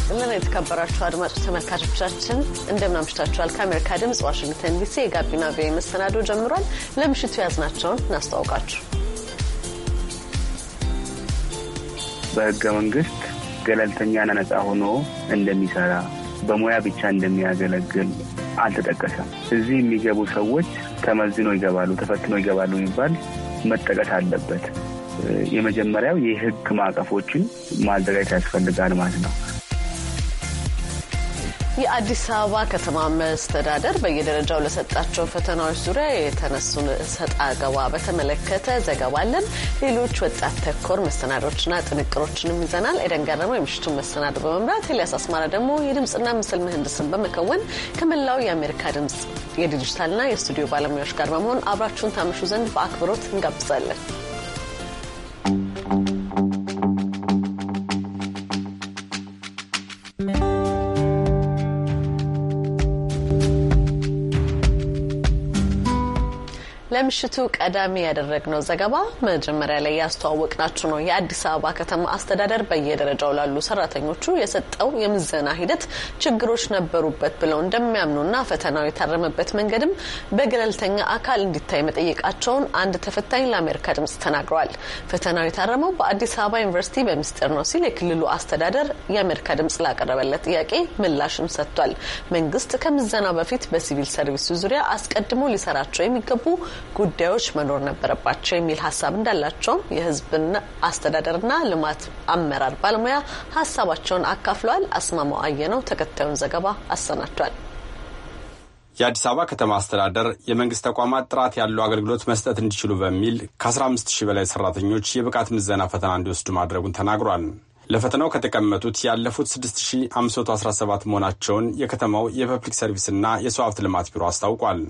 ይስጥልን የተከበራችሁ አድማጭ ተመልካቾቻችን እንደምናምሽታችኋል። ከአሜሪካ ድምጽ ዋሽንግተን ዲሲ የጋቢና ቪኦኤ መሰናዶ ጀምሯል። ለምሽቱ ያዝናቸውን እናስተዋውቃችሁ። በህገ መንግስት ገለልተኛና ነጻ ሆኖ እንደሚሰራ በሙያ ብቻ እንደሚያገለግል አልተጠቀሰም። እዚህ የሚገቡ ሰዎች ተመዝኖ ይገባሉ፣ ተፈትኖ ይገባሉ የሚባል መጠቀስ አለበት። የመጀመሪያው የህግ ማዕቀፎችን ማዘጋጀት ያስፈልጋል ማለት ነው። የአዲስ አበባ ከተማ መስተዳደር በየደረጃው ለሰጣቸው ፈተናዎች ዙሪያ የተነሱን ሰጣ ገባ በተመለከተ ዘገባ አለን። ሌሎች ወጣት ተኮር መሰናዶችና ጥንቅሮችንም ይዘናል። ኤደን ገረመው የምሽቱን መሰናዶ በመምራት ኤልያስ አስማራ ደግሞ የድምፅና ምስል ምህንድስን በመከወን ከመላው የአሜሪካ ድምፅ የዲጂታልና የስቱዲዮ ባለሙያዎች ጋር በመሆን አብራችሁን ታመሹ ዘንድ በአክብሮት እንጋብዛለን። ለምሽቱ ቀዳሚ ያደረግነው ዘገባ መጀመሪያ ላይ ያስተዋወቅናችሁ ነው። የአዲስ አበባ ከተማ አስተዳደር በየደረጃው ላሉ ሰራተኞቹ የሰጠው የምዘና ሂደት ችግሮች ነበሩበት ብለው እንደሚያምኑና ፈተናው የታረመበት መንገድም በገለልተኛ አካል እንዲታይ መጠየቃቸውን አንድ ተፈታኝ ለአሜሪካ ድምጽ ተናግረዋል። ፈተናው የታረመው በአዲስ አበባ ዩኒቨርሲቲ በሚስጥር ነው ሲል የክልሉ አስተዳደር የአሜሪካ ድምጽ ላቀረበለት ጥያቄ ምላሽም ሰጥቷል። መንግስት ከምዘናው በፊት በሲቪል ሰርቪሱ ዙሪያ አስቀድሞ ሊሰራቸው የሚገቡ ጉዳዮች መኖር ነበረባቸው የሚል ሀሳብ እንዳላቸውም የህዝብን አስተዳደርና ልማት አመራር ባለሙያ ሀሳባቸውን አካፍለዋል። አስማማው አየነው ተከታዩን ዘገባ አሰናድቷል። የአዲስ አበባ ከተማ አስተዳደር የመንግስት ተቋማት ጥራት ያለው አገልግሎት መስጠት እንዲችሉ በሚል ከ15 ሺህ በላይ ሰራተኞች የብቃት ምዘና ፈተና እንዲወስዱ ማድረጉን ተናግሯል። ለፈተናው ከተቀመጡት ያለፉት 6517 መሆናቸውን የከተማው የፐብሊክ ሰርቪስና የሰው ሀብት ልማት ቢሮ አስታውቋል።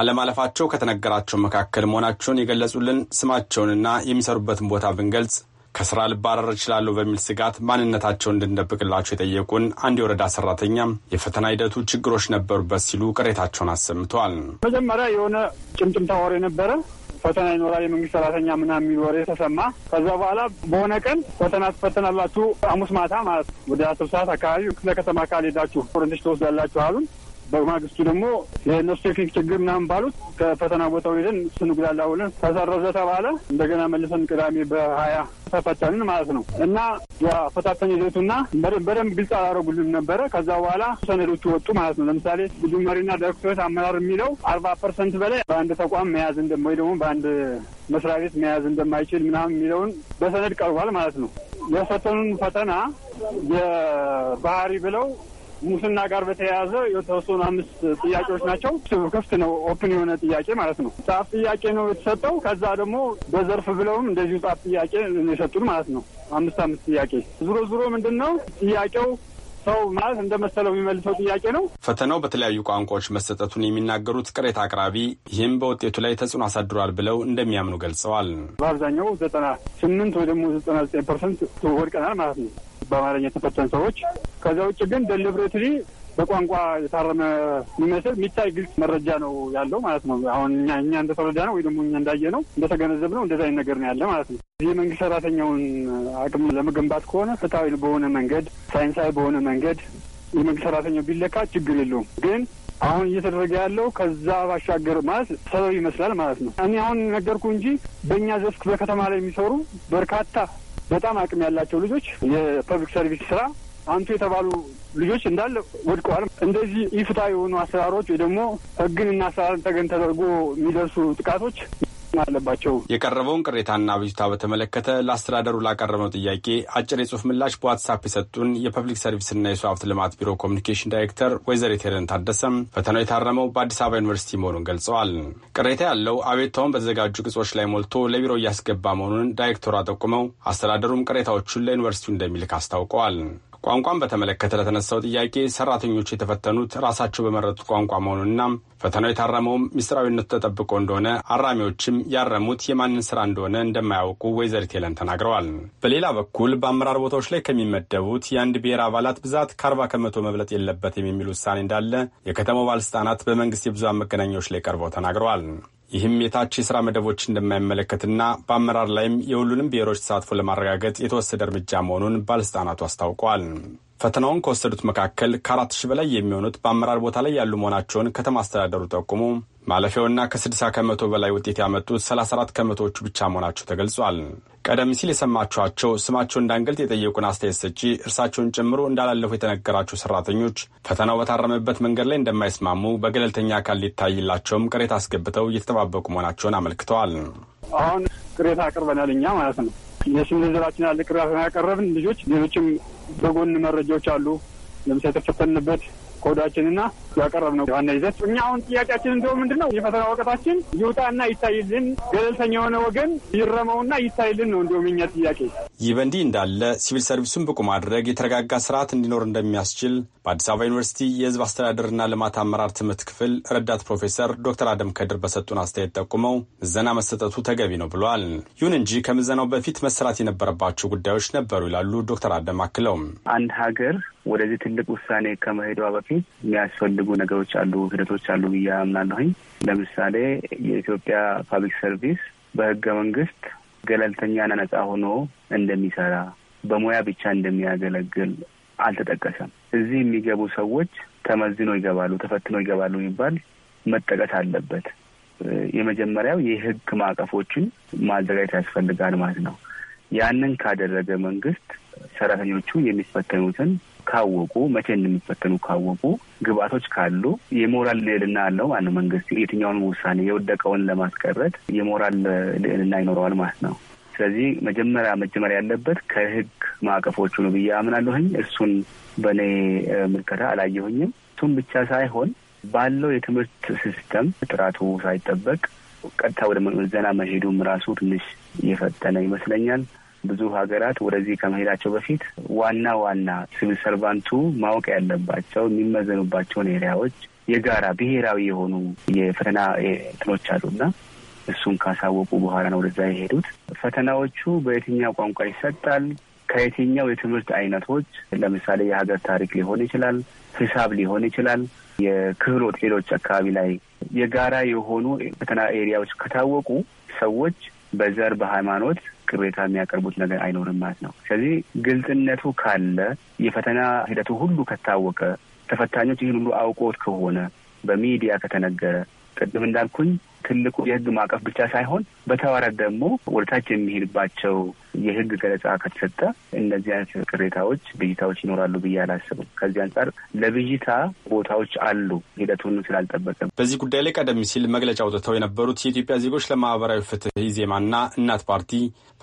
አለማለፋቸው ከተነገራቸው መካከል መሆናቸውን የገለጹልን ስማቸውንና የሚሰሩበትን ቦታ ብንገልጽ ከስራ ልባረር እችላለሁ በሚል ስጋት ማንነታቸውን እንድንደብቅላቸው የጠየቁን አንድ የወረዳ ሰራተኛ የፈተና ሂደቱ ችግሮች ነበሩበት ሲሉ ቅሬታቸውን አሰምተዋል። መጀመሪያ የሆነ ጭምጭምታ ወሬ ነበረ ፈተና ይኖራል የመንግስት ሰራተኛ ምናምን የሚል ወሬ ተሰማ። ከዛ በኋላ በሆነ ቀን ፈተና ትፈተናላችሁ ሐሙስ ማታ ማለት ወደ አስር ሰዓት አካባቢ ለከተማ አካል ሄዳችሁ ኦሬንቴሽን ትወስዳላችሁ አሉን። በማግስቱ ደግሞ የነሱ ቴክኒክ ችግር ምናምን ባሉት ከፈተና ቦታው ሄደን ስንጉላላ ውለን ተሰረዘ ተባለ። እንደገና መልሰን ቅዳሜ በሀያ ተፈተንን ማለት ነው እና የአፈታተን ሂደቱና በደንብ ግልጽ አላረጉልም ነበረ። ከዛ በኋላ ሰነዶቹ ወጡ ማለት ነው። ለምሳሌ መሪና ዳይሬክቶሬት አመራር የሚለው አርባ ፐርሰንት በላይ በአንድ ተቋም መያዝ ወይ ደግሞ በአንድ መስሪያ ቤት መያዝ እንደማይችል ምናምን የሚለውን በሰነድ ቀርቧል ማለት ነው። የፈተኑን ፈተና የባህሪ ብለው ሙስና ጋር በተያያዘ የተወሰኑ አምስት ጥያቄዎች ናቸው። ክፍት ነው፣ ኦፕን የሆነ ጥያቄ ማለት ነው። ጻፍ ጥያቄ ነው የተሰጠው። ከዛ ደግሞ በዘርፍ ብለውም እንደዚሁ ጻፍ ጥያቄ የሰጡን ማለት ነው። አምስት አምስት ጥያቄ ዙሮ ዙሮ ምንድን ነው ጥያቄው ሰው ማለት እንደመሰለው የሚመልሰው ጥያቄ ነው። ፈተናው በተለያዩ ቋንቋዎች መሰጠቱን የሚናገሩት ቅሬታ አቅራቢ ይህም በውጤቱ ላይ ተጽዕኖ አሳድሯል ብለው እንደሚያምኑ ገልጸዋል። በአብዛኛው ዘጠና ስምንት ወይ ደግሞ ዘጠና ዘጠኝ ፐርሰንት ወድቀናል ማለት ነው። በአማርኛ የተፈተን ሰዎች። ከዛ ውጭ ግን ደሊብሬትሊ በቋንቋ የታረመ የሚመስል የሚታይ ግልጽ መረጃ ነው ያለው ማለት ነው። አሁን እኛ እኛ እንደተረዳ ነው ወይ ደግሞ እኛ እንዳየ ነው እንደተገነዘብ ነው እንደዛ አይነት ነገር ነው ያለ ማለት ነው። ይህ የመንግስት ሰራተኛውን አቅም ለመገንባት ከሆነ ፍትሐዊ በሆነ መንገድ፣ ሳይንሳዊ በሆነ መንገድ የመንግስት ሰራተኛው ቢለካ ችግር የለውም ግን አሁን እየተደረገ ያለው ከዛ ባሻገር ማለት ሰበብ ይመስላል ማለት ነው። እኔ አሁን ነገርኩ እንጂ በእኛ ዘስክ በከተማ ላይ የሚሰሩ በርካታ በጣም አቅም ያላቸው ልጆች የፐብሊክ ሰርቪስ ስራ አንቱ የተባሉ ልጆች እንዳለ ወድቀዋል። እንደዚህ ኢፍታ የሆኑ አሰራሮች ወይ ደግሞ ህግንና አሰራርን ተገን ተደርጎ የሚደርሱ ጥቃቶች አለባቸው። የቀረበውን ቅሬታና ብጅታ በተመለከተ ለአስተዳደሩ ላቀረብነው ጥያቄ አጭር የጽሁፍ ምላሽ በዋትሳፕ የሰጡን የፐብሊክ ሰርቪስና የሰው ሀብት ልማት ቢሮ ኮሚኒኬሽን ዳይሬክተር ወይዘሪት ሄለን ታደሰም ፈተናው የታረመው በአዲስ አበባ ዩኒቨርሲቲ መሆኑን ገልጸዋል። ቅሬታ ያለው አቤቱታውን በተዘጋጁ ቅጾች ላይ ሞልቶ ለቢሮ እያስገባ መሆኑን ዳይሬክተሯ ጠቁመው አስተዳደሩም ቅሬታዎቹን ለዩኒቨርሲቲው እንደሚልክ አስታውቀዋል። ቋንቋን በተመለከተ ለተነሳው ጥያቄ ሰራተኞች የተፈተኑት ራሳቸው በመረጡት ቋንቋ መሆኑና ፈተናው የታረመውም ሚስጥራዊነቱ ተጠብቆ እንደሆነ አራሚዎችም ያረሙት የማንን ስራ እንደሆነ እንደማያውቁ ወይዘሪት ሄለን ተናግረዋል። በሌላ በኩል በአመራር ቦታዎች ላይ ከሚመደቡት የአንድ ብሔር አባላት ብዛት ከአርባ ከመቶ መብለጥ የለበትም የሚል ውሳኔ እንዳለ የከተማው ባለስልጣናት በመንግስት የብዙሃን መገናኛዎች ላይ ቀርበው ተናግረዋል። ይህም የታች የሥራ መደቦች እንደማይመለከትና በአመራር ላይም የሁሉንም ብሔሮች ተሳትፎ ለማረጋገጥ የተወሰደ እርምጃ መሆኑን ባለስልጣናቱ አስታውቀዋል። ፈተናውን ከወሰዱት መካከል ከአራት ሺህ በላይ የሚሆኑት በአመራር ቦታ ላይ ያሉ መሆናቸውን ከተማ አስተዳደሩ ጠቁሙ። ማለፊያውና ከ60 ከመቶ በላይ ውጤት ያመጡት 34 ከመቶዎቹ ብቻ መሆናቸው ተገልጿል። ቀደም ሲል የሰማችኋቸው ስማቸው እንዳንገልጥ የጠየቁን አስተያየት ሰጪ እርሳቸውን ጨምሮ እንዳላለፉ የተነገራቸው ሰራተኞች ፈተናው በታረመበት መንገድ ላይ እንደማይስማሙ በገለልተኛ አካል ሊታይላቸውም ቅሬታ አስገብተው እየተጠባበቁ መሆናቸውን አመልክተዋል። አሁን ቅሬታ አቅርበናል እኛ ማለት ነው የስም ዝርዝራችን አለ ቅሬታ ያቀረብን ልጆች ሌሎችም በጎን መረጃዎች አሉ ለምሳሌ የተፈተንበት ሆዳችንና ያቀረብነው ዋና ይዘት እኛ አሁን ጥያቄያችን እንደው ምንድን ነው የፈተና ወቀታችን ይውጣና ይታይልን፣ ገለልተኛ የሆነ ወገን ይረመውና ይታይልን ነው እንዲሁም እኛ ጥያቄ። ይህ በእንዲህ እንዳለ ሲቪል ሰርቪሱን ብቁ ማድረግ የተረጋጋ ስርዓት እንዲኖር እንደሚያስችል በአዲስ አበባ ዩኒቨርሲቲ የህዝብ አስተዳደርና ልማት አመራር ትምህርት ክፍል ረዳት ፕሮፌሰር ዶክተር አደም ከድር በሰጡን አስተያየት ጠቁመው ምዘና መሰጠቱ ተገቢ ነው ብለዋል። ይሁን እንጂ ከምዘናው በፊት መሰራት የነበረባቸው ጉዳዮች ነበሩ ይላሉ ዶክተር አደም አክለው አንድ ሀገር ወደዚህ ትልቅ ውሳኔ ከመሄዷ በፊት የሚያስፈልጉ ነገሮች አሉ፣ ሂደቶች አሉ ብዬ አምናለሁኝ። ለምሳሌ የኢትዮጵያ ፓብሊክ ሰርቪስ በህገ መንግስት ገለልተኛና ነጻ ሆኖ እንደሚሰራ በሙያ ብቻ እንደሚያገለግል አልተጠቀሰም። እዚህ የሚገቡ ሰዎች ተመዝኖ ይገባሉ፣ ተፈትኖ ይገባሉ የሚባል መጠቀስ አለበት። የመጀመሪያው የህግ ማዕቀፎችን ማዘጋጀት ያስፈልጋል ማለት ነው። ያንን ካደረገ መንግስት ሰራተኞቹ የሚፈተኑትን ካወቁ መቼ እንደሚፈተኑ ካወቁ ግብአቶች ካሉ የሞራል ልዕልና አለው ማለት ነው። መንግስት የትኛውን ውሳኔ የወደቀውን ለማስቀረት የሞራል ልዕልና ይኖረዋል ማለት ነው። ስለዚህ መጀመሪያ መጀመር ያለበት ከህግ ማዕቀፎቹ ነው ብዬ አምናለሁኝ። እሱን በእኔ ምልከታ አላየሁኝም። እሱን ብቻ ሳይሆን ባለው የትምህርት ሲስተም ጥራቱ ሳይጠበቅ ቀጥታ ወደ ምዘና መሄዱም ራሱ ትንሽ እየፈተነ ይመስለኛል። ብዙ ሀገራት ወደዚህ ከመሄዳቸው በፊት ዋና ዋና ሲቪል ሰርቫንቱ ማወቅ ያለባቸው የሚመዘኑባቸውን ኤሪያዎች የጋራ ብሔራዊ የሆኑ የፈተና እንትኖች አሉና እሱን ካሳወቁ በኋላ ነው ወደዛ የሄዱት። ፈተናዎቹ በየትኛው ቋንቋ ይሰጣል? ከየትኛው የትምህርት አይነቶች ለምሳሌ የሀገር ታሪክ ሊሆን ይችላል፣ ሂሳብ ሊሆን ይችላል፣ የክህሎት ሌሎች አካባቢ ላይ የጋራ የሆኑ ፈተና ኤሪያዎች ከታወቁ ሰዎች በዘር በሃይማኖት ቅሬታ የሚያቀርቡት ነገር አይኖርም ማለት ነው። ስለዚህ ግልጽነቱ ካለ የፈተና ሂደቱ ሁሉ ከታወቀ ተፈታኞች ይህን ሁሉ አውቆት ከሆነ በሚዲያ ከተነገረ ቅድም እንዳልኩኝ ትልቁ የህግ ማዕቀፍ ብቻ ሳይሆን በተዋረድ ደግሞ ወደታች የሚሄድባቸው የህግ ገለጻ ከተሰጠ እነዚህ አይነት ቅሬታዎች፣ ብዥታዎች ይኖራሉ ብዬ አላስብም። ከዚህ አንጻር ለብዥታ ቦታዎች አሉ ሂደቱን ስላልጠበቀም። በዚህ ጉዳይ ላይ ቀደም ሲል መግለጫ አውጥተው የነበሩት የኢትዮጵያ ዜጎች ለማህበራዊ ፍትህ ኢዜማና እናት ፓርቲ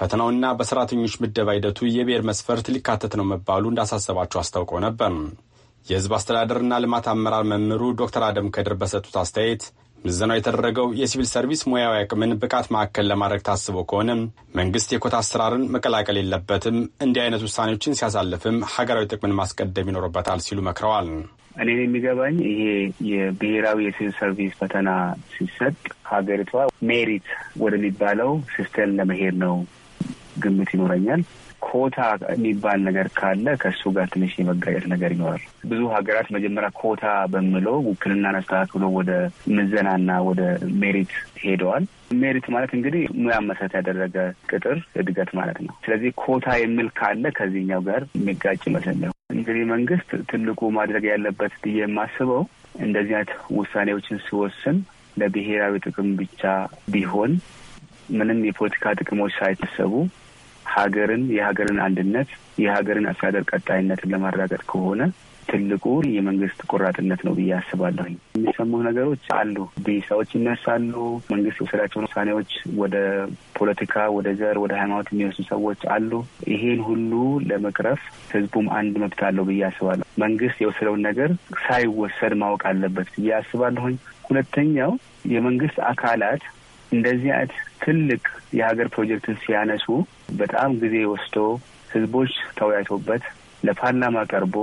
ፈተናውና በሰራተኞች ምደባ ሂደቱ የብሔር መስፈርት ሊካተት ነው መባሉ እንዳሳሰባቸው አስታውቀው ነበር። የህዝብ አስተዳደርና ልማት አመራር መምህሩ ዶክተር አደም ከድር በሰጡት አስተያየት ምዘናው የተደረገው የሲቪል ሰርቪስ ሙያዊ አቅምን ብቃት ማዕከል ለማድረግ ታስቦ ከሆነም መንግስት የኮታ አሰራርን መቀላቀል የለበትም፣ እንዲህ አይነት ውሳኔዎችን ሲያሳልፍም ሀገራዊ ጥቅምን ማስቀደም ይኖርበታል ሲሉ መክረዋል። እኔ የሚገባኝ ይሄ የብሔራዊ የሲቪል ሰርቪስ ፈተና ሲሰጥ ሀገሪቷ ሜሪት ወደሚባለው ሲስተም ለመሄድ ነው ግምት ይኖረኛል። ኮታ የሚባል ነገር ካለ ከእሱ ጋር ትንሽ የመጋጨት ነገር ይኖራል። ብዙ ሀገራት መጀመሪያ ኮታ በምለው ውክልናን አስተካክሎ ወደ ምዘናና ወደ ሜሪት ሄደዋል። ሜሪት ማለት እንግዲህ ሙያ መሰረት ያደረገ ቅጥር እድገት ማለት ነው። ስለዚህ ኮታ የሚል ካለ ከዚህኛው ጋር የሚጋጭ ይመስለኛል። እንግዲህ መንግስት ትልቁ ማድረግ ያለበት ብዬ የማስበው እንደዚህ አይነት ውሳኔዎችን ሲወስን ለብሔራዊ ጥቅም ብቻ ቢሆን ምንም የፖለቲካ ጥቅሞች ሳይታሰቡ ሀገርን የሀገርን አንድነት የሀገርን አስተዳደር ቀጣይነትን ለማረጋገጥ ከሆነ ትልቁ የመንግስት ቆራጥነት ነው ብዬ አስባለሁኝ። የሚሰሙ ነገሮች አሉ፣ ብሂሳዎች ይነሳሉ። መንግስት የወሰዳቸውን ውሳኔዎች ወደ ፖለቲካ፣ ወደ ዘር፣ ወደ ሃይማኖት የሚወስዱ ሰዎች አሉ። ይሄን ሁሉ ለመቅረፍ ህዝቡም አንድ መብት አለው ብዬ አስባለሁ። መንግስት የወሰደውን ነገር ሳይወሰድ ማወቅ አለበት ብዬ አስባለሁኝ። ሁለተኛው የመንግስት አካላት እንደዚህ አይነት ትልቅ የሀገር ፕሮጀክትን ሲያነሱ በጣም ጊዜ ወስዶ ህዝቦች ተወያይቶበት ለፓርላማ ቀርቦ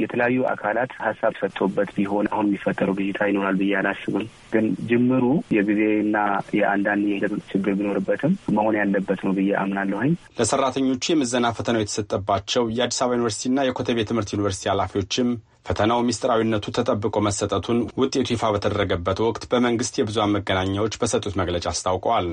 የተለያዩ አካላት ሀሳብ ሰጥቶበት ቢሆን አሁን የሚፈጠረው ብዥታ ይኖራል ብዬ አላስብም። ግን ጅምሩ የጊዜና የአንዳንድ የሂደት ችግር ቢኖርበትም መሆን ያለበት ነው ብዬ አምናለሁኝ። ለሰራተኞቹ የምዘና ፈተናው የተሰጠባቸው የአዲስ አበባ ዩኒቨርሲቲና የኮተቤ ትምህርት ዩኒቨርሲቲ ኃላፊዎችም ፈተናው ሚስጥራዊነቱ ተጠብቆ መሰጠቱን ውጤቱ ይፋ በተደረገበት ወቅት በመንግስት የብዙሃን መገናኛዎች በሰጡት መግለጫ አስታውቀዋል።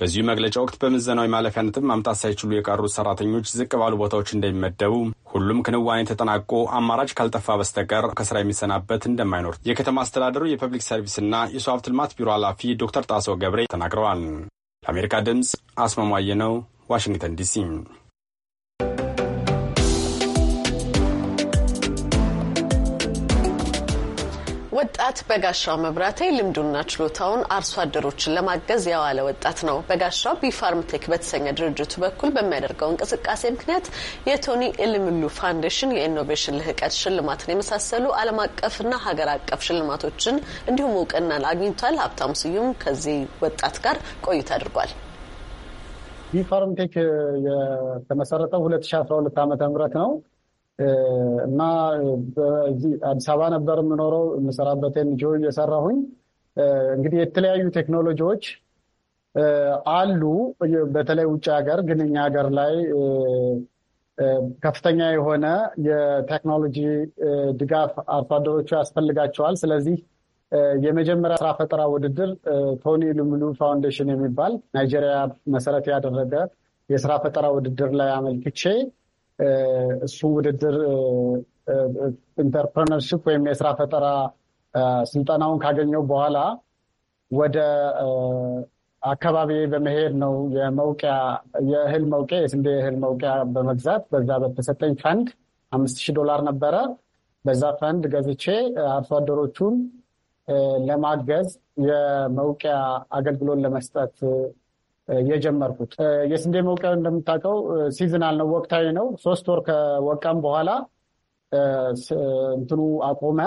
በዚሁ መግለጫ ወቅት በምዘናዊ ማለፊያ ነጥብ ማምጣት ሳይችሉ የቀሩት ሰራተኞች ዝቅ ባሉ ቦታዎች እንደሚመደቡ፣ ሁሉም ክንዋኔ ተጠናቆ አማራጭ ካልጠፋ በስተቀር ከስራ የሚሰናበት እንደማይኖር የከተማ አስተዳደሩ የፐብሊክ ሰርቪስና የሰው ሀብት ልማት ቢሮ ኃላፊ ዶክተር ጣሰው ገብሬ ተናግረዋል። ለአሜሪካ ድምፅ አስማማየ ነው፣ ዋሽንግተን ዲሲ ወጣት በጋሻው መብራቴ ልምዱና ችሎታውን አርሶ አደሮችን ለማገዝ የዋለ ወጣት ነው። በጋሻው ቢፋርምቴክ በተሰኘ ድርጅቱ በኩል በሚያደርገው እንቅስቃሴ ምክንያት የቶኒ እልምሉ ፋንዴሽን የኢኖቬሽን ልህቀት ሽልማትን የመሳሰሉ ዓለም አቀፍና ሀገር አቀፍ ሽልማቶችን እንዲሁም እውቅናን አግኝቷል። ሀብታሙ ስዩም ከዚህ ወጣት ጋር ቆይታ አድርጓል። ቢፋርምቴክ የተመሰረተው 2012 ዓ ም ነው እና አዲስ አበባ ነበር የምኖረው የምሰራበት ኤንጂኦ እየሰራሁኝ እንግዲህ የተለያዩ ቴክኖሎጂዎች አሉ። በተለይ ውጭ ሀገር ግን እኛ ሀገር ላይ ከፍተኛ የሆነ የቴክኖሎጂ ድጋፍ አርሶ አደሮቹ ያስፈልጋቸዋል። ስለዚህ የመጀመሪያ ስራ ፈጠራ ውድድር ቶኒ ልምሉ ፋውንዴሽን የሚባል ናይጄሪያ መሰረት ያደረገ የስራ ፈጠራ ውድድር ላይ አመልክቼ እሱ ውድድር ኢንተርፕረነርሽፕ ወይም የስራ ፈጠራ ስልጠናውን ካገኘው በኋላ ወደ አካባቢ በመሄድ ነው የመውቂያ የእህል መውቂያ የስንዴ እህል መውቂያ በመግዛት በዛ በተሰጠኝ ፈንድ አምስት ሺህ ዶላር ነበረ። በዛ ፈንድ ገዝቼ አርሶ አደሮቹን ለማገዝ የመውቂያ አገልግሎት ለመስጠት የጀመርኩት። የስንዴ መውቂያው እንደምታውቀው ሲዝናል ነው፣ ወቅታዊ ነው። ሶስት ወር ከወቀም በኋላ እንትኑ አቆመ።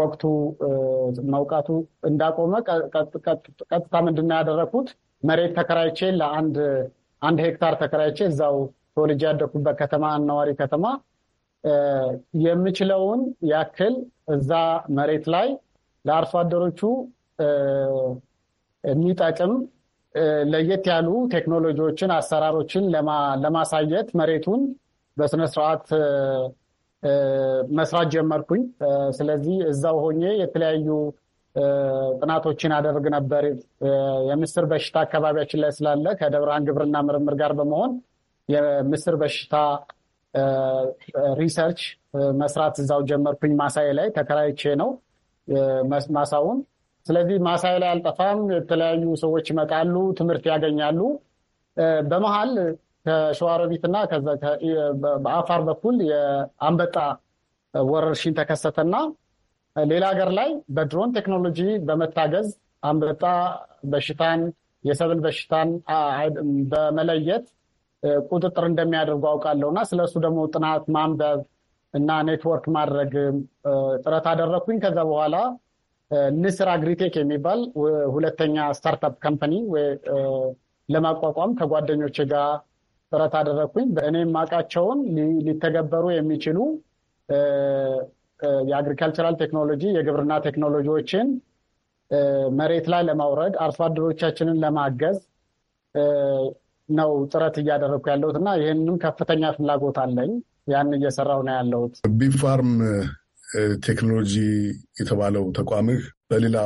ወቅቱ መውቃቱ እንዳቆመ ቀጥታ ምንድነው ያደረግኩት? መሬት ተከራይቼ ለአንድ አንድ ሄክታር ተከራይቼ እዛው ተወልጄ ያደኩበት ከተማ አነዋሪ ከተማ የምችለውን ያክል እዛ መሬት ላይ ለአርሶ አደሮቹ የሚጠቅም ለየት ያሉ ቴክኖሎጂዎችን፣ አሰራሮችን ለማሳየት መሬቱን በስነስርዓት መስራት ጀመርኩኝ። ስለዚህ እዛው ሆኜ የተለያዩ ጥናቶችን አደርግ ነበር። የምስር በሽታ አካባቢያችን ላይ ስላለ ከደብረ ግብርና ምርምር ጋር በመሆን የምስር በሽታ ሪሰርች መስራት እዛው ጀመርኩኝ። ማሳዬ ላይ ተከራይቼ ነው ማሳውን ስለዚህ ማሳይ ላይ አልጠፋም። የተለያዩ ሰዎች ይመጣሉ፣ ትምህርት ያገኛሉ። በመሀል ከሸዋሮቢትና በአፋር በኩል የአንበጣ ወረርሽኝ ተከሰተና ሌላ ሀገር ላይ በድሮን ቴክኖሎጂ በመታገዝ አንበጣ በሽታን የሰብል በሽታን በመለየት ቁጥጥር እንደሚያደርጉ አውቃለሁ እና ስለሱ ደግሞ ጥናት ማንበብ እና ኔትወርክ ማድረግ ጥረት አደረግኩኝ። ከዛ በኋላ ንስር አግሪቴክ የሚባል ሁለተኛ ስታርታፕ ካምፓኒ ለማቋቋም ከጓደኞች ጋር ጥረት አደረግኩኝ። በእኔም ማቃቸውን ሊተገበሩ የሚችሉ የአግሪካልቸራል ቴክኖሎጂ የግብርና ቴክኖሎጂዎችን መሬት ላይ ለማውረድ አርሶ አደሮቻችንን ለማገዝ ነው ጥረት እያደረግኩ ያለሁት እና ይህንም ከፍተኛ ፍላጎት አለኝ። ያን እየሰራሁ ነው ያለሁት። ቢፋርም ቴክኖሎጂ የተባለው ተቋምህ በሌላ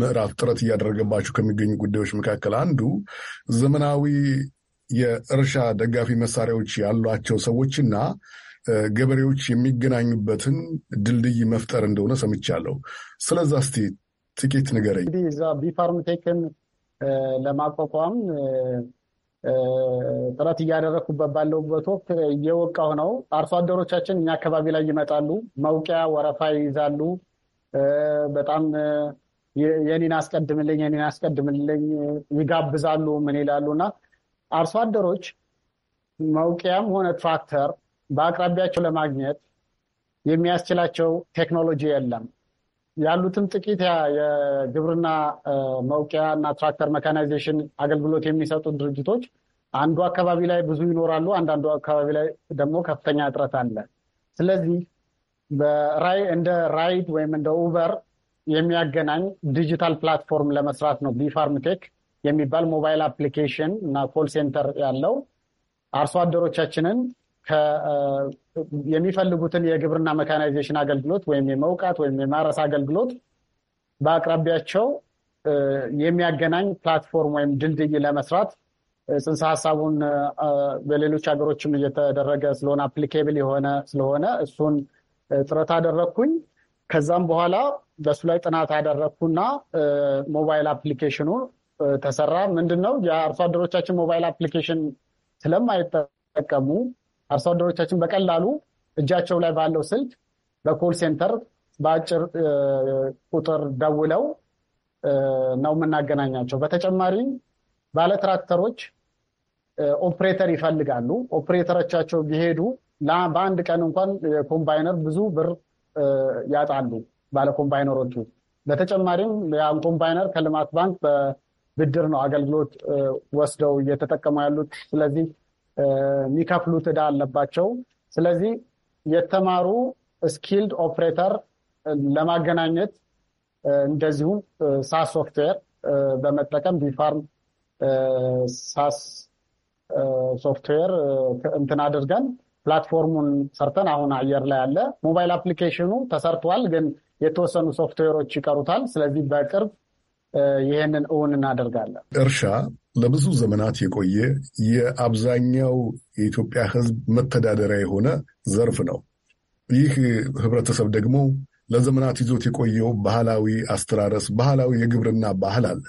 ምዕራፍ ጥረት እያደረገባቸው ከሚገኙ ጉዳዮች መካከል አንዱ ዘመናዊ የእርሻ ደጋፊ መሳሪያዎች ያሏቸው ሰዎችና ገበሬዎች የሚገናኙበትን ድልድይ መፍጠር እንደሆነ ሰምቻለሁ። ስለዛ እስቲ ጥቂት ንገረኝ። እንግዲህ እዛ ቴክን ለማቋቋም ጥረት እያደረግኩበት ባለውበት ወቅት እየወቃሁ ነው። አርሶ አደሮቻችን እኛ አካባቢ ላይ ይመጣሉ፣ መውቂያ ወረፋ ይይዛሉ። በጣም የኔን አስቀድምልኝ፣ የኔን አስቀድምልኝ ይጋብዛሉ። ምን ይላሉ እና አርሶ አደሮች መውቂያም ሆነ ትራክተር በአቅራቢያቸው ለማግኘት የሚያስችላቸው ቴክኖሎጂ የለም። ያሉትም ጥቂት የግብርና መውቂያ እና ትራክተር መካናይዜሽን አገልግሎት የሚሰጡ ድርጅቶች አንዱ አካባቢ ላይ ብዙ ይኖራሉ፣ አንዳንዱ አካባቢ ላይ ደግሞ ከፍተኛ እጥረት አለ። ስለዚህ እንደ ራይድ ወይም እንደ ኡበር የሚያገናኝ ዲጂታል ፕላትፎርም ለመስራት ነው ቢፋርምቴክ የሚባል ሞባይል አፕሊኬሽን እና ኮል ሴንተር ያለው አርሶ አደሮቻችንን የሚፈልጉትን የግብርና መካናይዜሽን አገልግሎት ወይም የመውቃት ወይም የማረስ አገልግሎት በአቅራቢያቸው የሚያገናኝ ፕላትፎርም ወይም ድልድይ ለመስራት ጽንሰ ሀሳቡን በሌሎች ሀገሮችም እየተደረገ ስለሆነ አፕሊኬብል የሆነ ስለሆነ እሱን ጥረት አደረግኩኝ። ከዛም በኋላ በእሱ ላይ ጥናት አደረግኩና ሞባይል አፕሊኬሽኑ ተሰራ። ምንድን ነው የአርሶ አደሮቻችን ሞባይል አፕሊኬሽን ስለማይጠቀሙ አርሶ አደሮቻችን በቀላሉ እጃቸው ላይ ባለው ስልክ በኮል ሴንተር በአጭር ቁጥር ደውለው ነው የምናገናኛቸው። ባለ ባለትራክተሮች ኦፕሬተር ይፈልጋሉ። ኦፕሬተሮቻቸው ቢሄዱ በአንድ ቀን እንኳን ኮምባይነር ብዙ ብር ያጣሉ ባለኮምባይነሮቹ። በተጨማሪም ያን ኮምባይነር ከልማት ባንክ በብድር ነው አገልግሎት ወስደው እየተጠቀሙ ያሉት። ስለዚህ የሚከፍሉት ዕዳ አለባቸው። ስለዚህ የተማሩ ስኪልድ ኦፕሬተር ለማገናኘት እንደዚሁም ሳስ ሶፍትዌር በመጠቀም ቢፋርም ሳስ ሶፍትዌር እንትን አድርገን ፕላትፎርሙን ሰርተን አሁን አየር ላይ ያለ ሞባይል አፕሊኬሽኑ ተሰርቷል፣ ግን የተወሰኑ ሶፍትዌሮች ይቀሩታል። ስለዚህ በቅርብ ይህንን እውን እናደርጋለን። እርሻ ለብዙ ዘመናት የቆየ የአብዛኛው የኢትዮጵያ ሕዝብ መተዳደሪያ የሆነ ዘርፍ ነው። ይህ ህብረተሰብ ደግሞ ለዘመናት ይዞት የቆየው ባህላዊ አስተራረስ፣ ባህላዊ የግብርና ባህል አለ።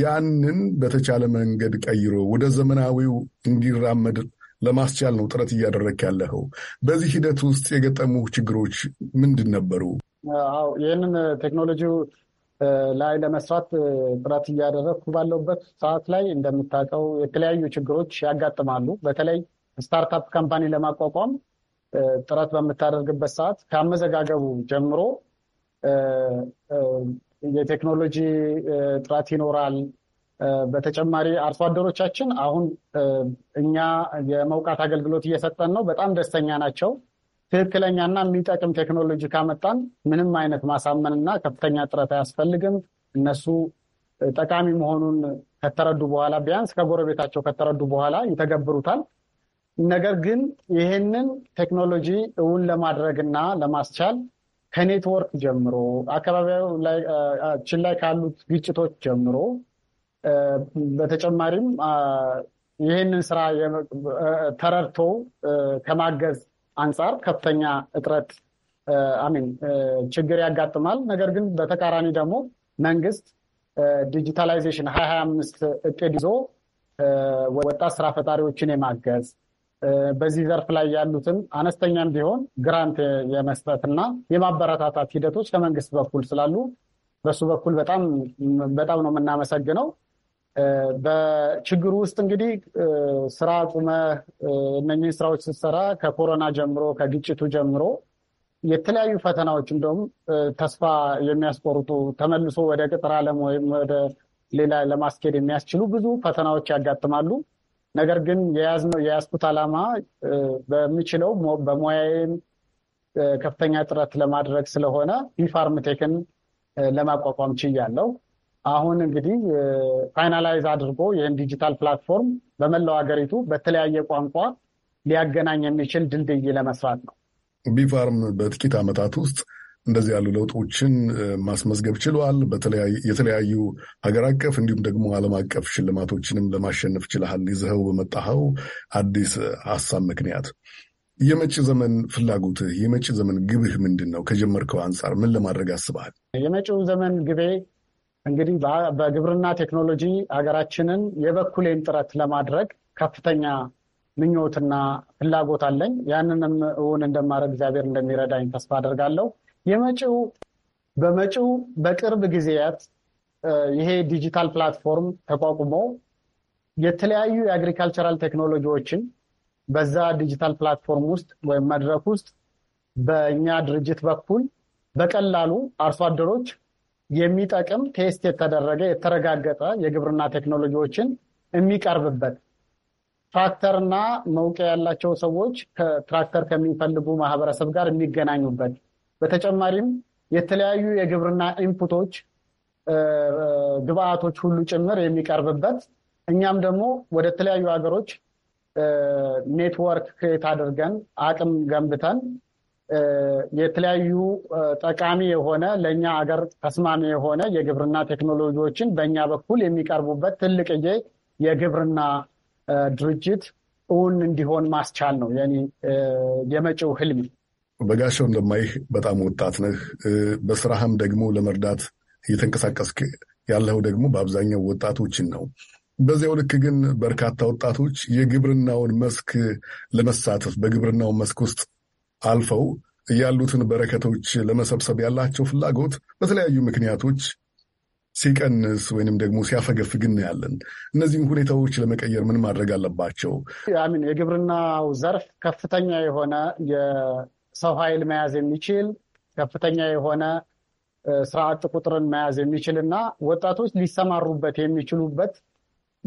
ያንን በተቻለ መንገድ ቀይሮ ወደ ዘመናዊው እንዲራመድ ለማስቻል ነው ጥረት እያደረክ ያለኸው። በዚህ ሂደት ውስጥ የገጠሙ ችግሮች ምንድን ነበሩ? ይህንን ቴክኖሎጂው ላይ ለመስራት ጥረት እያደረግኩ ባለውበት ሰዓት ላይ እንደምታውቀው የተለያዩ ችግሮች ያጋጥማሉ። በተለይ ስታርታፕ ካምፓኒ ለማቋቋም ጥረት በምታደርግበት ሰዓት ከአመዘጋገቡ ጀምሮ የቴክኖሎጂ ጥረት ይኖራል። በተጨማሪ አርሶ አደሮቻችን አሁን እኛ የመውቃት አገልግሎት እየሰጠን ነው፣ በጣም ደስተኛ ናቸው። ትክክለኛና የሚጠቅም ቴክኖሎጂ ካመጣን ምንም አይነት ማሳመንና ከፍተኛ ጥረት አያስፈልግም። እነሱ ጠቃሚ መሆኑን ከተረዱ በኋላ ቢያንስ ከጎረቤታቸው ከተረዱ በኋላ ይተገብሩታል። ነገር ግን ይህንን ቴክኖሎጂ እውን ለማድረግና ለማስቻል ከኔትወርክ ጀምሮ አካባቢችን ላይ ካሉት ግጭቶች ጀምሮ በተጨማሪም ይህንን ስራ ተረድቶ ከማገዝ አንጻር ከፍተኛ እጥረት አሚን ችግር ያጋጥማል። ነገር ግን በተቃራኒ ደግሞ መንግስት ዲጂታላይዜሽን ሀያ ሀያ አምስት እቅድ ይዞ ወጣት ስራ ፈጣሪዎችን የማገዝ በዚህ ዘርፍ ላይ ያሉትን አነስተኛም ቢሆን ግራንት የመስጠትና የማበረታታት ሂደቶች ከመንግስት በኩል ስላሉ በሱ በኩል በጣም በጣም ነው የምናመሰግነው። በችግሩ ውስጥ እንግዲህ ስራ ቁመህ እነኚህ ስራዎች ስትሰራ ከኮሮና ጀምሮ ከግጭቱ ጀምሮ የተለያዩ ፈተናዎች እንደውም ተስፋ የሚያስቆርጡ ተመልሶ ወደ ቅጥር ዓለም ወይም ወደ ሌላ ለማስኬድ የሚያስችሉ ብዙ ፈተናዎች ያጋጥማሉ። ነገር ግን የያዝነው የያዝኩት ዓላማ በምችለው በሙያዬም ከፍተኛ ጥረት ለማድረግ ስለሆነ ቢፋርምቴክን ለማቋቋም ችያለሁ። አሁን እንግዲህ ፋይናላይዝ አድርጎ ይህን ዲጂታል ፕላትፎርም በመላው ሀገሪቱ በተለያየ ቋንቋ ሊያገናኝ የሚችል ድልድይ ለመስራት ነው። ቢፋርም በጥቂት ዓመታት ውስጥ እንደዚህ ያሉ ለውጦችን ማስመዝገብ ችሏል። የተለያዩ ሀገር አቀፍ እንዲሁም ደግሞ ዓለም አቀፍ ሽልማቶችንም ለማሸነፍ ችልሃል። ይዘኸው በመጣኸው አዲስ ሀሳብ ምክንያት የመጪ ዘመን ፍላጎትህ፣ የመጪ ዘመን ግብህ ምንድን ነው? ከጀመርከው አንጻር ምን ለማድረግ አስበሃል? የመጪው ዘመን ግቤ እንግዲህ በግብርና ቴክኖሎጂ ሀገራችንን የበኩሌን ጥረት ለማድረግ ከፍተኛ ምኞትና ፍላጎት አለኝ። ያንንም እውን እንደማድረግ እግዚአብሔር እንደሚረዳኝ ተስፋ አደርጋለሁ። የመጪው በመጪው በቅርብ ጊዜያት ይሄ ዲጂታል ፕላትፎርም ተቋቁሞ የተለያዩ የአግሪካልቸራል ቴክኖሎጂዎችን በዛ ዲጂታል ፕላትፎርም ውስጥ ወይም መድረክ ውስጥ በእኛ ድርጅት በኩል በቀላሉ አርሶ አደሮች የሚጠቅም ቴስት የተደረገ የተረጋገጠ የግብርና ቴክኖሎጂዎችን የሚቀርብበት ትራክተርና መውቂያ ያላቸው ሰዎች ትራክተር ከሚፈልጉ ማህበረሰብ ጋር የሚገናኙበት በተጨማሪም የተለያዩ የግብርና ኢንፑቶች ግብአቶች ሁሉ ጭምር የሚቀርብበት እኛም ደግሞ ወደ ተለያዩ ሀገሮች ኔትወርክ ክሬት አድርገን አቅም ገንብተን የተለያዩ ጠቃሚ የሆነ ለእኛ አገር ተስማሚ የሆነ የግብርና ቴክኖሎጂዎችን በእኛ በኩል የሚቀርቡበት ትልቅዬ የግብርና ድርጅት እውን እንዲሆን ማስቻል ነው የኔ የመጪው ህልም። በጋሻው እንደማይህ በጣም ወጣት ነህ። በስራህም ደግሞ ለመርዳት እየተንቀሳቀስክ ያለው ደግሞ በአብዛኛው ወጣቶችን ነው። በዚያው ልክ ግን በርካታ ወጣቶች የግብርናውን መስክ ለመሳተፍ በግብርናው መስክ ውስጥ አልፈው ያሉትን በረከቶች ለመሰብሰብ ያላቸው ፍላጎት በተለያዩ ምክንያቶች ሲቀንስ ወይንም ደግሞ ሲያፈገፍግ እናያለን። እነዚህም ሁኔታዎች ለመቀየር ምን ማድረግ አለባቸው? አሚን የግብርናው ዘርፍ ከፍተኛ የሆነ የሰው ኃይል መያዝ የሚችል ከፍተኛ የሆነ ስራ አጥ ቁጥርን መያዝ የሚችል እና ወጣቶች ሊሰማሩበት የሚችሉበት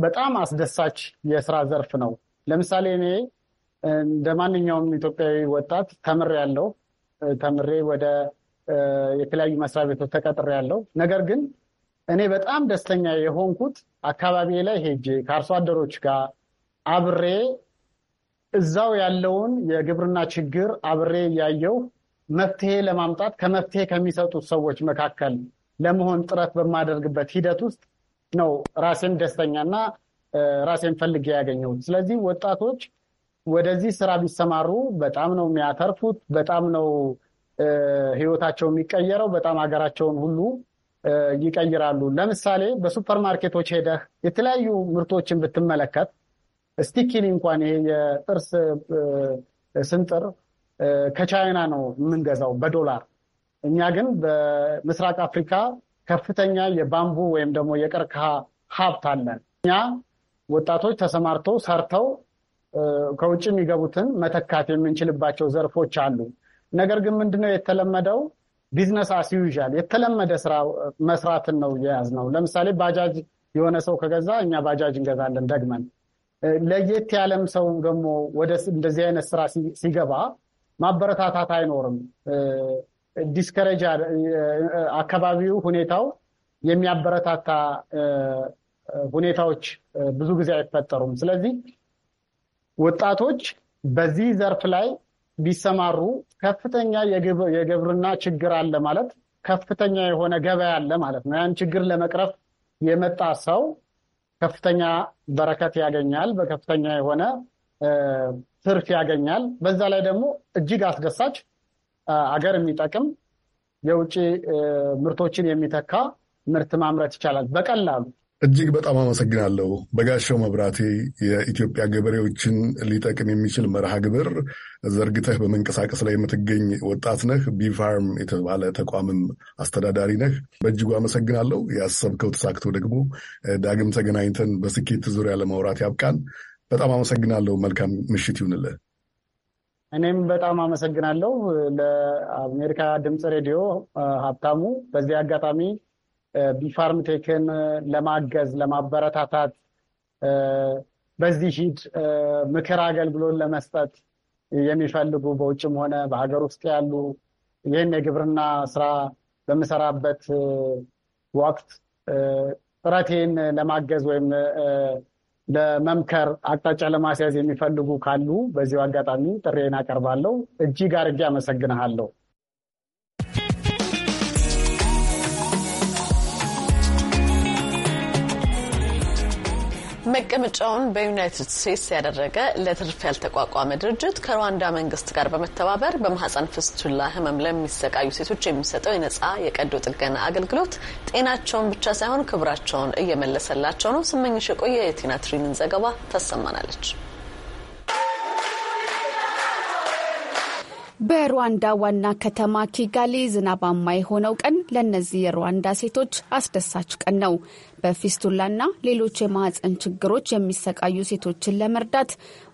በጣም አስደሳች የስራ ዘርፍ ነው። ለምሳሌ እኔ እንደ ማንኛውም ኢትዮጵያዊ ወጣት ተምር ያለው ተምሬ ወደ የተለያዩ መስሪያ ቤቶች ተቀጥሬ ያለው ነገር ግን እኔ በጣም ደስተኛ የሆንኩት አካባቢ ላይ ሄጄ ከአርሶ አደሮች ጋር አብሬ እዛው ያለውን የግብርና ችግር አብሬ እያየው መፍትሄ ለማምጣት ከመፍትሄ ከሚሰጡት ሰዎች መካከል ለመሆን ጥረት በማደርግበት ሂደት ውስጥ ነው ራሴን ደስተኛና ራሴን ፈልጌ ያገኘሁት። ስለዚህ ወጣቶች ወደዚህ ስራ ቢሰማሩ በጣም ነው የሚያተርፉት፣ በጣም ነው ህይወታቸው የሚቀየረው፣ በጣም ሀገራቸውን ሁሉ ይቀይራሉ። ለምሳሌ በሱፐር ማርኬቶች ሄደህ የተለያዩ ምርቶችን ብትመለከት ስቲኪኒ እንኳን ይሄ የጥርስ ስንጥር ከቻይና ነው የምንገዛው በዶላር። እኛ ግን በምስራቅ አፍሪካ ከፍተኛ የባምቡ ወይም ደግሞ የቀርከሃ ሀብት አለን። እኛ ወጣቶች ተሰማርተው ሰርተው ከውጭ የሚገቡትን መተካት የምንችልባቸው ዘርፎች አሉ። ነገር ግን ምንድነው የተለመደው ቢዝነስ አስዩዣል የተለመደ ስራ መስራትን ነው ነው። ለምሳሌ ባጃጅ የሆነ ሰው ከገዛ እኛ ባጃጅ እንገዛለን ደግመን። ለየት ያለም ሰው ደግሞ ወደ እንደዚህ አይነት ስራ ሲገባ ማበረታታት አይኖርም። ዲስከሬጅ፣ አካባቢው ሁኔታው የሚያበረታታ ሁኔታዎች ብዙ ጊዜ አይፈጠሩም። ስለዚህ ወጣቶች በዚህ ዘርፍ ላይ ቢሰማሩ ከፍተኛ የግብርና ችግር አለ ማለት ከፍተኛ የሆነ ገበያ አለ ማለት ነው። ያን ችግር ለመቅረፍ የመጣ ሰው ከፍተኛ በረከት ያገኛል፣ በከፍተኛ የሆነ ትርፍ ያገኛል። በዛ ላይ ደግሞ እጅግ አስደሳች አገር የሚጠቅም የውጭ ምርቶችን የሚተካ ምርት ማምረት ይቻላል በቀላሉ እጅግ በጣም አመሰግናለሁ በጋሻው መብራቴ። የኢትዮጵያ ገበሬዎችን ሊጠቅም የሚችል መርሃ ግብር ዘርግተህ በመንቀሳቀስ ላይ የምትገኝ ወጣት ነህ። ቢፋርም የተባለ ተቋምም አስተዳዳሪ ነህ። በእጅጉ አመሰግናለሁ። ያሰብከው ተሳክቶ ደግሞ ዳግም ተገናኝተን በስኬት ዙሪያ ለማውራት ያብቃን። በጣም አመሰግናለሁ። መልካም ምሽት ይሁንልህ። እኔም በጣም አመሰግናለሁ ለአሜሪካ ድምፅ ሬዲዮ ሀብታሙ በዚህ አጋጣሚ ቴክን ለማገዝ ለማበረታታት በዚህ ሂድ ምክር አገልግሎት ለመስጠት የሚፈልጉ በውጭም ሆነ በሀገር ውስጥ ያሉ ይህን የግብርና ስራ በምሰራበት ወቅት ጥረቴን ለማገዝ ወይም ለመምከር አቅጣጫ ለማስያዝ የሚፈልጉ ካሉ በዚሁ አጋጣሚ ጥሬን አቀርባለሁ። እጅግ አድርጌ አመሰግንሃለሁ። መቀመጫውን በዩናይትድ ስቴትስ ያደረገ ለትርፍ ያልተቋቋመ ድርጅት ከሩዋንዳ መንግስት ጋር በመተባበር በማህፀን ፍስቱላ ህመም ለሚሰቃዩ ሴቶች የሚሰጠው የነጻ የቀዶ ጥገና አገልግሎት ጤናቸውን ብቻ ሳይሆን ክብራቸውን እየመለሰላቸው ነው። ስመኝሽ የቆየ የቴና ትሪንን ዘገባ ታሰማናለች። በሩዋንዳ ዋና ከተማ ኪጋሊ ዝናባማ የሆነው ቀን ለእነዚህ የሩዋንዳ ሴቶች አስደሳች ቀን ነው። በፊስቱላና ሌሎች የማህፀን ችግሮች የሚሰቃዩ ሴቶችን ለመርዳት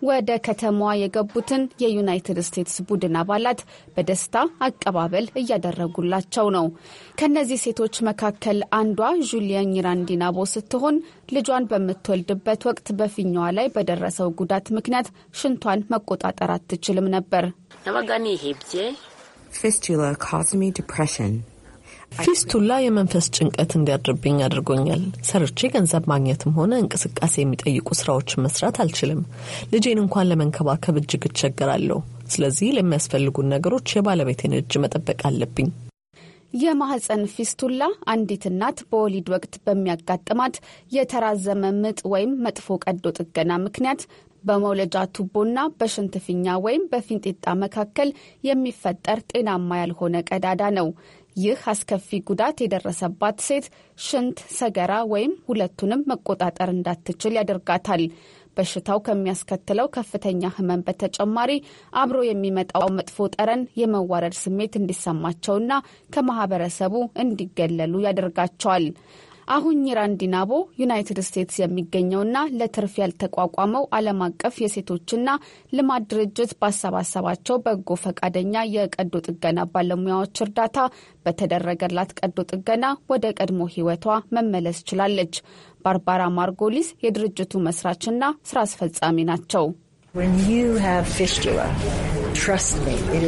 ወደ ከተማዋ የገቡትን የዩናይትድ ስቴትስ ቡድን አባላት በደስታ አቀባበል እያደረጉላቸው ነው። ከነዚህ ሴቶች መካከል አንዷ ዡሊያን ይራንዲናቦ ስትሆን ልጇን በምትወልድበት ወቅት በፊኛዋ ላይ በደረሰው ጉዳት ምክንያት ሽንቷን መቆጣጠር አትችልም ነበር። ፌስቱላ ካዝ ዲፕሬሽን ፊስቱላ የመንፈስ ጭንቀት እንዲያድርብኝ አድርጎኛል። ሰርቼ ገንዘብ ማግኘትም ሆነ እንቅስቃሴ የሚጠይቁ ስራዎችን መስራት አልችልም። ልጄን እንኳን ለመንከባከብ እጅግ እቸገራለሁ። ስለዚህ ለሚያስፈልጉን ነገሮች የባለቤቴን እጅ መጠበቅ አለብኝ። የማህፀን ፊስቱላ አንዲት እናት በወሊድ ወቅት በሚያጋጥማት የተራዘመ ምጥ ወይም መጥፎ ቀዶ ጥገና ምክንያት በመውለጃ ቱቦና በሽንትፍኛ ወይም በፊንጢጣ መካከል የሚፈጠር ጤናማ ያልሆነ ቀዳዳ ነው። ይህ አስከፊ ጉዳት የደረሰባት ሴት ሽንት፣ ሰገራ ወይም ሁለቱንም መቆጣጠር እንዳትችል ያደርጋታል። በሽታው ከሚያስከትለው ከፍተኛ ሕመም በተጨማሪ አብሮ የሚመጣው መጥፎ ጠረን የመዋረድ ስሜት እንዲሰማቸውና ከማህበረሰቡ እንዲገለሉ ያደርጋቸዋል። አሁን ራንዲናቦ ዩናይትድ ስቴትስ የሚገኘውና ለትርፍ ያልተቋቋመው ዓለም አቀፍ የሴቶችና ልማት ድርጅት ባሰባሰባቸው በጎ ፈቃደኛ የቀዶ ጥገና ባለሙያዎች እርዳታ በተደረገላት ቀዶ ጥገና ወደ ቀድሞ ሕይወቷ መመለስ ችላለች። ባርባራ ማርጎሊስ የድርጅቱ መስራችና ስራ አስፈጻሚ ናቸው።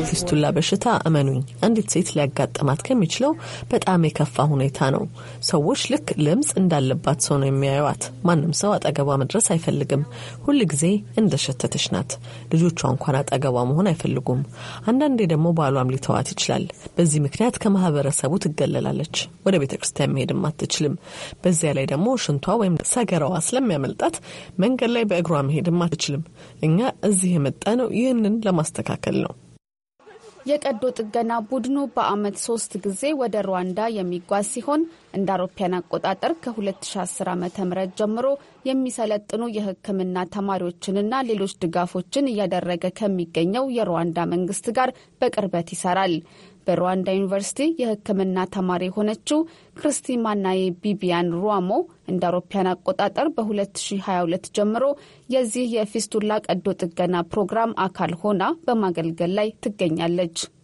ፊስቱላ በሽታ እመኑኝ፣ አንዲት ሴት ሊያጋጥማት ከሚችለው በጣም የከፋ ሁኔታ ነው። ሰዎች ልክ ልምጽ እንዳለባት ሰው ነው የሚያዩዋት። ማንም ሰው አጠገቧ መድረስ አይፈልግም። ሁል ጊዜ እንደሸተተች ናት። ልጆቿ እንኳን አጠገቧ መሆን አይፈልጉም። አንዳንዴ ደግሞ ባሏም ሊተዋት ይችላል። በዚህ ምክንያት ከማህበረሰቡ ትገለላለች። ወደ ቤተ ክርስቲያን መሄድም አትችልም። በዚያ ላይ ደግሞ ሽንቷ ወይም ሰገራዋ ስለሚያመልጣት መንገድ ላይ በእግሯ መሄድም አትችልም። እኛ እዚህ የመጣ ነው ይህንን ለማስተካከል ማዕከል ነው። የቀዶ ጥገና ቡድኑ በአመት ሶስት ጊዜ ወደ ሩዋንዳ የሚጓዝ ሲሆን እንደ አውሮፓያን አቆጣጠር ከ2010 ዓ ም ጀምሮ የሚሰለጥኑ የሕክምና ተማሪዎችንና ሌሎች ድጋፎችን እያደረገ ከሚገኘው የሩዋንዳ መንግስት ጋር በቅርበት ይሰራል። በሩዋንዳ ዩኒቨርሲቲ የሕክምና ተማሪ የሆነችው ክርስቲማናዬ ቢቢያን ሩዋሞ እንደ አውሮፓያን አቆጣጠር በ2022 ጀምሮ የዚህ የፊስቱላ ቀዶ ጥገና ፕሮግራም አካል ሆና በማገልገል ላይ ትገኛለች። uh,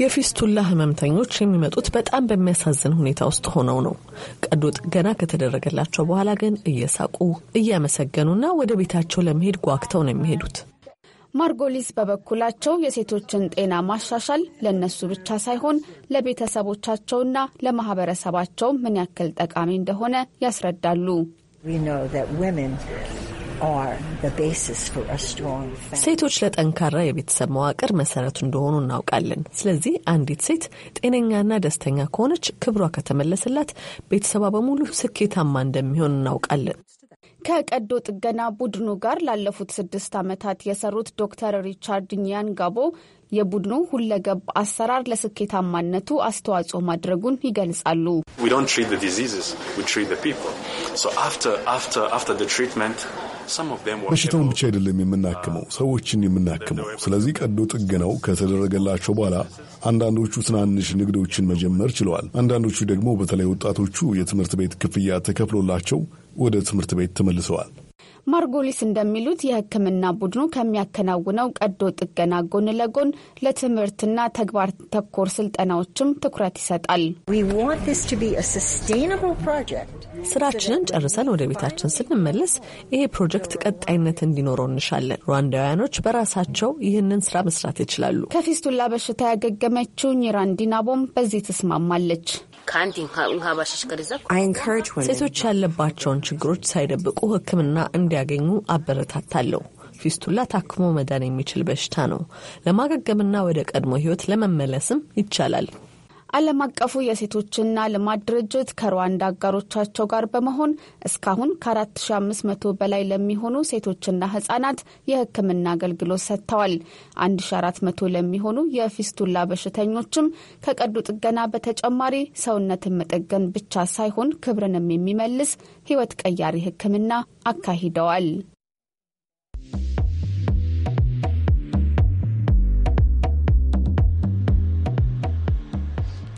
የፊስቱላ ህመምተኞች የሚመጡት በጣም በሚያሳዝን ሁኔታ ውስጥ ሆነው ነው። ቀዶ ጥገና ከተደረገላቸው በኋላ ግን እየሳቁ እያመሰገኑና ወደ ቤታቸው ለመሄድ ጓግተው ነው የሚሄዱት። ማርጎሊስ በበኩላቸው የሴቶችን ጤና ማሻሻል ለእነሱ ብቻ ሳይሆን ለቤተሰቦቻቸውና ለማህበረሰባቸው ምን ያክል ጠቃሚ እንደሆነ ያስረዳሉ። ሴቶች ለጠንካራ የቤተሰብ መዋቅር መሰረቱ እንደሆኑ እናውቃለን። ስለዚህ አንዲት ሴት ጤነኛና ደስተኛ ከሆነች፣ ክብሯ ከተመለሰላት፣ ቤተሰቧ በሙሉ ስኬታማ እንደሚሆን እናውቃለን። ከቀዶ ጥገና ቡድኑ ጋር ላለፉት ስድስት ዓመታት የሰሩት ዶክተር ሪቻርድ ኒያን ጋቦ የቡድኑ ሁለገብ አሰራር ለስኬታማነቱ አስተዋጽኦ ማድረጉን ይገልጻሉ። በሽታውን ብቻ አይደለም የምናክመው፣ ሰዎችን የምናክመው። ስለዚህ ቀዶ ጥገናው ከተደረገላቸው በኋላ አንዳንዶቹ ትናንሽ ንግዶችን መጀመር ችለዋል። አንዳንዶቹ ደግሞ በተለይ ወጣቶቹ የትምህርት ቤት ክፍያ ተከፍሎላቸው ወደ ትምህርት ቤት ተመልሰዋል። ማርጎሊስ እንደሚሉት የሕክምና ቡድኑ ከሚያከናውነው ቀዶ ጥገና ጎን ለጎን ለትምህርትና ተግባር ተኮር ስልጠናዎችም ትኩረት ይሰጣል። ስራችንን ጨርሰን ወደ ቤታችን ስንመለስ ይሄ ፕሮጀክት ቀጣይነት እንዲኖረው እንሻለን። ሩዋንዳውያኖች በራሳቸው ይህንን ስራ መስራት ይችላሉ። ከፊስቱላ በሽታ ያገገመችው ኒራንዲናቦም በዚህ ትስማማለች። ሴቶች ያለባቸውን ችግሮች ሳይደብቁ ሕክምና እንዲያገኙ አበረታታለሁ። ፊስቱላ ታክሞ መዳን የሚችል በሽታ ነው። ለማገገምና ወደ ቀድሞ ህይወት ለመመለስም ይቻላል። ዓለም አቀፉ የሴቶችና ልማት ድርጅት ከሩዋንዳ አጋሮቻቸው ጋር በመሆን እስካሁን ከ4500 በላይ ለሚሆኑ ሴቶችና ህጻናት የህክምና አገልግሎት ሰጥተዋል። 1400 ለሚሆኑ የፊስቱላ በሽተኞችም ከቀዶ ጥገና በተጨማሪ ሰውነትን መጠገን ብቻ ሳይሆን ክብርንም የሚመልስ ህይወት ቀያሪ ህክምና አካሂደዋል።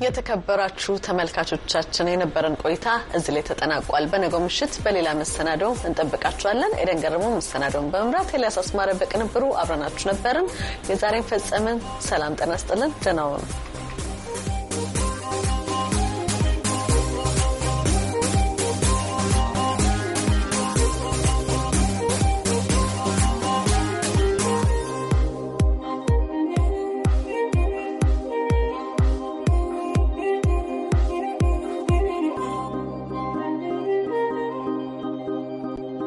የተከበራችሁ ተመልካቾቻችን የነበረን ቆይታ እዚህ ላይ ተጠናቋል። በነገው ምሽት በሌላ መሰናዶ እንጠብቃችኋለን። ኤደን ገረሞ መሰናዶውን በመምራት ኤልያስ አስማረ በቅንብሩ አብረናችሁ ነበርን። የዛሬን ፈጸምን። ሰላም ጤና ይስጥልን። ደህና